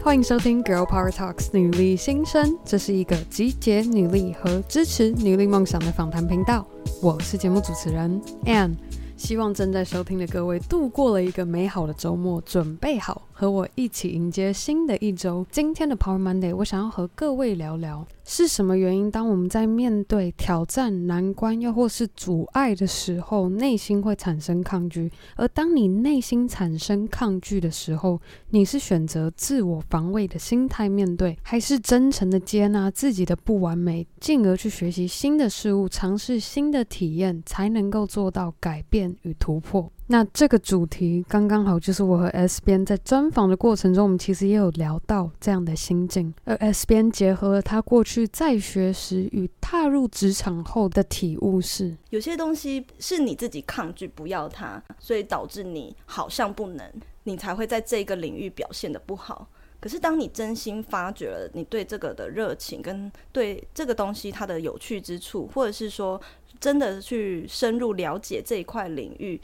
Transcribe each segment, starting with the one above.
歡迎收聽《Girl Power Talks》女力心聲，這是一個集結女力和支持女力夢想的訪談頻道。我是節目主持人 Anne，希望正在收聽的各位度過了一個美好的周末，準備好，和我一起迎接新的一周。今天的 Power Monday，我想要和各位聊聊是什麼原因，當我們在面對挑戰、難關又或是阻礙的時候，內心會產生抗拒。而當你內心產生抗拒的時候，你是選擇自我防衛的心態面對，還是真誠的接納自己的不完美，進而去學習新的事物，嘗試新的體驗，才能夠做到改變與突破。那這個主題剛剛好，就是我和 S 編在專訪的過程中，我們其實也有聊到這樣的心境。而 S 編結合了他過去在學時與踏入職場後的體悟是，有些東西是你自己抗拒不要它，所以導致你好像不能，你才會在這個領域表現得不好。可是當你真心發覺了你對這個的熱情跟對這個東西它的有趣之處，或者是說真的去深入了解這一塊領域。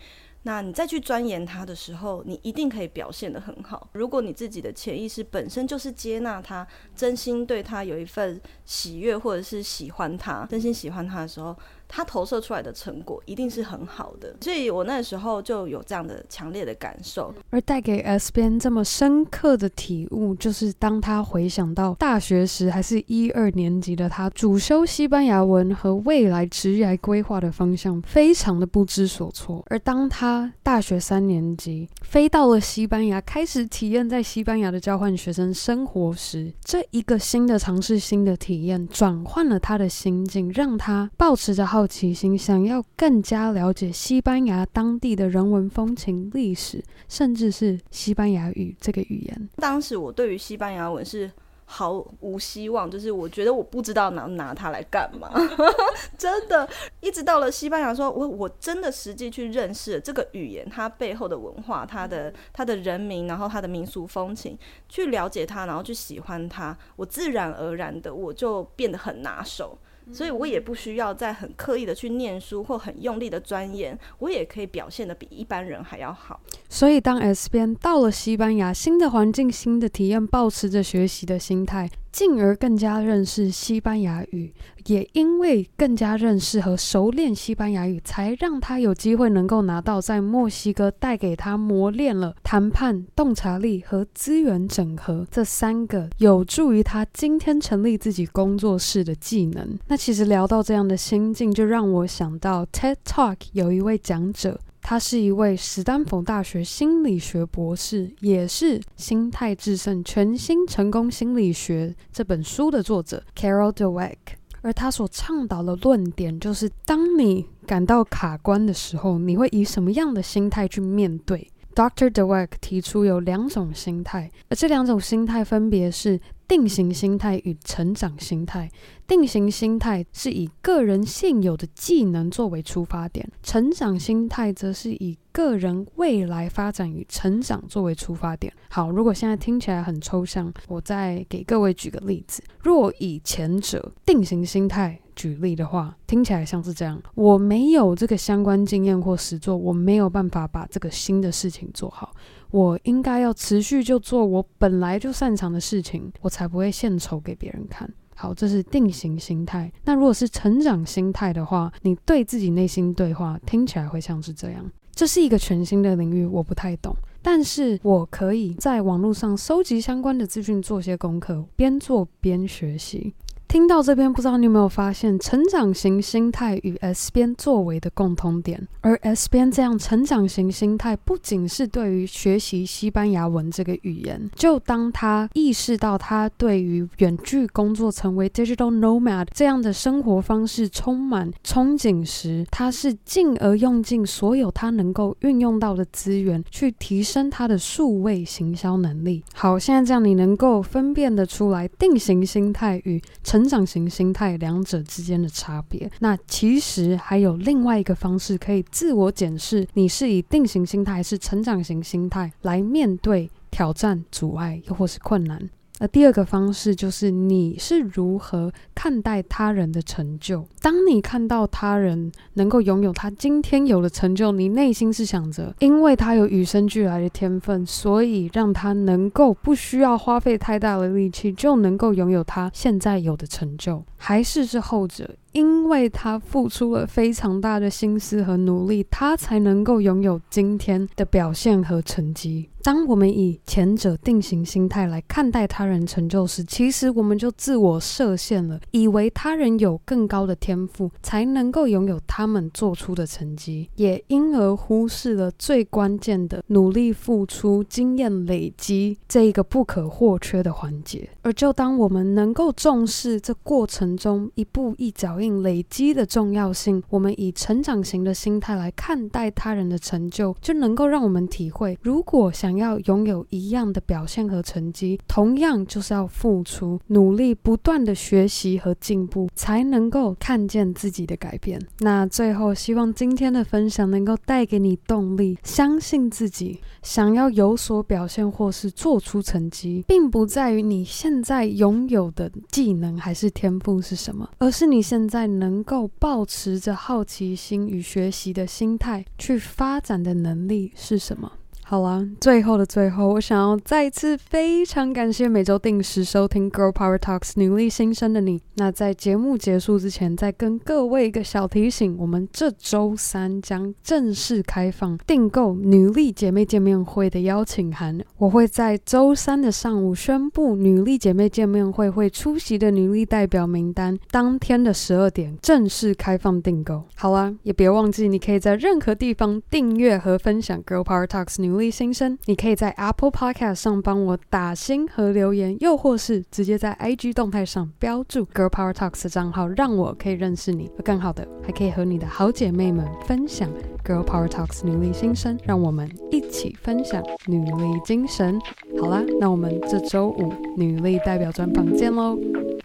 那你再去鑽研他的時候，你一定可以表現得很好。如果你自己的潛意識本身就是接納他，真心對他有一份喜悅，或者是喜歡他，真心喜歡他的時候。他投射出來的成果一定是很好的，所以我那時候就有這樣的強烈的感受。而帶給 S 編這麼深刻的體悟，就是當他回想到大學時還是一二年級的他，主修西班牙文和未來職業規劃的方向，非常的不知所措。而當他大學三年級飛到了西班牙，開始體驗在西班牙的交換學生生活時，這一個新的嘗試、新的體驗，轉換了他的心境，讓他抱持著。好奇心，想要更加了解西班牙當地的人文風情、歷史，甚至是西班牙語這個語言。當時我對於西班牙文是毫無希望，就是我覺得我不知道能拿它來幹嘛。 真的，一直到了西班牙，說我我真的實際去認識了這個語言，它背後的文化、它的它的人民，然後它的民俗風情，去了解它，然後去喜歡它，我自然而然的我就變得很拿手。所以我也不需要再很刻意的去念書或很用力的鑽研，我也可以表現得比一般人還要好。嗯。所以當 S 編到了西班牙，新的環境、新的體驗，保持着學習的心態。進而更加認識西班牙語，也因為更加認識和熟練西班牙語，才讓他有機會能夠拿到在墨西哥帶給他磨練了談判、洞察力和資源整合，這三個有助於他今天成立自己工作室的技能。那其實聊到這樣的心境，就讓我想到 TED Talk 有一位講者。他是一位史丹佛大學心理學博士，也是《心態致勝：全新成功心理學》這本書的作者 Carol Dweck。而他所倡導的論點就是：當你感到卡關的時候，你會以什麼樣的心態去面對？Dr. Dweck 提出有兩種心態，而這兩種心態分別是。定型心態與成長心態，定型心態是以個人現有的技能作為出發點，成長心態則是以個人未來發展與成長作為出發點。好，如果現在聽起來很抽象，我再給各位舉個例子。若以前者定型心態。舉例的話，聽起來像是這樣：我沒有這個相關經驗或實作，我沒有辦法把這個新的事情做好。我應該要持續就做我本來就擅長的事情，我才不會獻醜給別人看。好，這是定型心態。那如果是成長心態的話，你對自己內心對話聽起來會像是這樣：這是一個全新的領域，我不太懂，但是我可以在網絡上收集相關的資訊，做些功課，邊做邊學習。聽到這邊，不知道你有沒有發現成長型心態與 S 編作為的共同點。而 S 編這樣成長型心態，不僅是對於學習西班牙文這個語言，就當他意識到他對於遠距工作、成為 digital nomad 這樣的生活方式充滿憧憬時，他是進而用盡所有他能夠運用到的資源去提升他的數位行銷能力。好，現在這樣你能夠分辨得出來，定型心態與成成長型心態兩者之間的差別，那其實還有另外一個方式可以自我檢視，你是以定型心態還是成長型心態來面對挑戰、阻礙又或是困難。第二個方式就是你是如何看待他人的成就？當你看到他人能夠擁有他今天有的成就，你內心是想着，因為他有與生俱來的天分，所以讓他能夠不需要花費太大的力氣就能夠擁有他現在有的成就，還是是後者？因為他付出了非常大的心思和努力，他才能夠擁有今天的表現和成績。當我們以前者定型心態來看待他人成就時，其實我們就自我設限了，以為他人有更高的天賦，才能夠擁有他們做出的成績，也因而忽視了最關鍵的努力、付出、經驗累積這一個不可或缺的環節。而就當我們能夠重視這過程中一步一腳印。累積的重要性，我們以成長型的心態來看待他人的成就，就能夠讓我們體會，如果想要擁有一樣的表現和成績，同樣就是要付出努力，不斷的學習和進步，才能夠看見自己的改變。那最後，希望今天的分享能夠帶給你動力，相信自己，想要有所表現或是做出成績，並不在於你現在擁有的技能還是天賦是什麼，而是你現在。在能夠抱持着好奇心與學習的心態去發展的能力是什麼？好啦，最後的最後，我想要再次非常感謝每周定時收聽《Girl Power Talks》女力心聲的你。那在節目結束之前，再跟各位一個小提醒：我們這周三將正式開放訂購女力姐妹見面會的邀請函。我會在周三的上午宣布女力姐妹見面會會出席的女力代表名單，當天的十二點正式開放訂購。好啦，也別忘記，你可以在任何地方訂閱和分享《Girl Power Talks》女力。女力心聲，你可以在 Apple Podcast 上幫我打星和留言，又或是直接在 IG 動態上標註 Girl Power Talks 的賬號，讓我可以認識你，更好的，還可以和你的好姐妹們分享 Girl Power Talks 女力心聲，讓我們一起分享女力精神。好啦，那我們這周五女力代表專訪見嘍，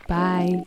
拜。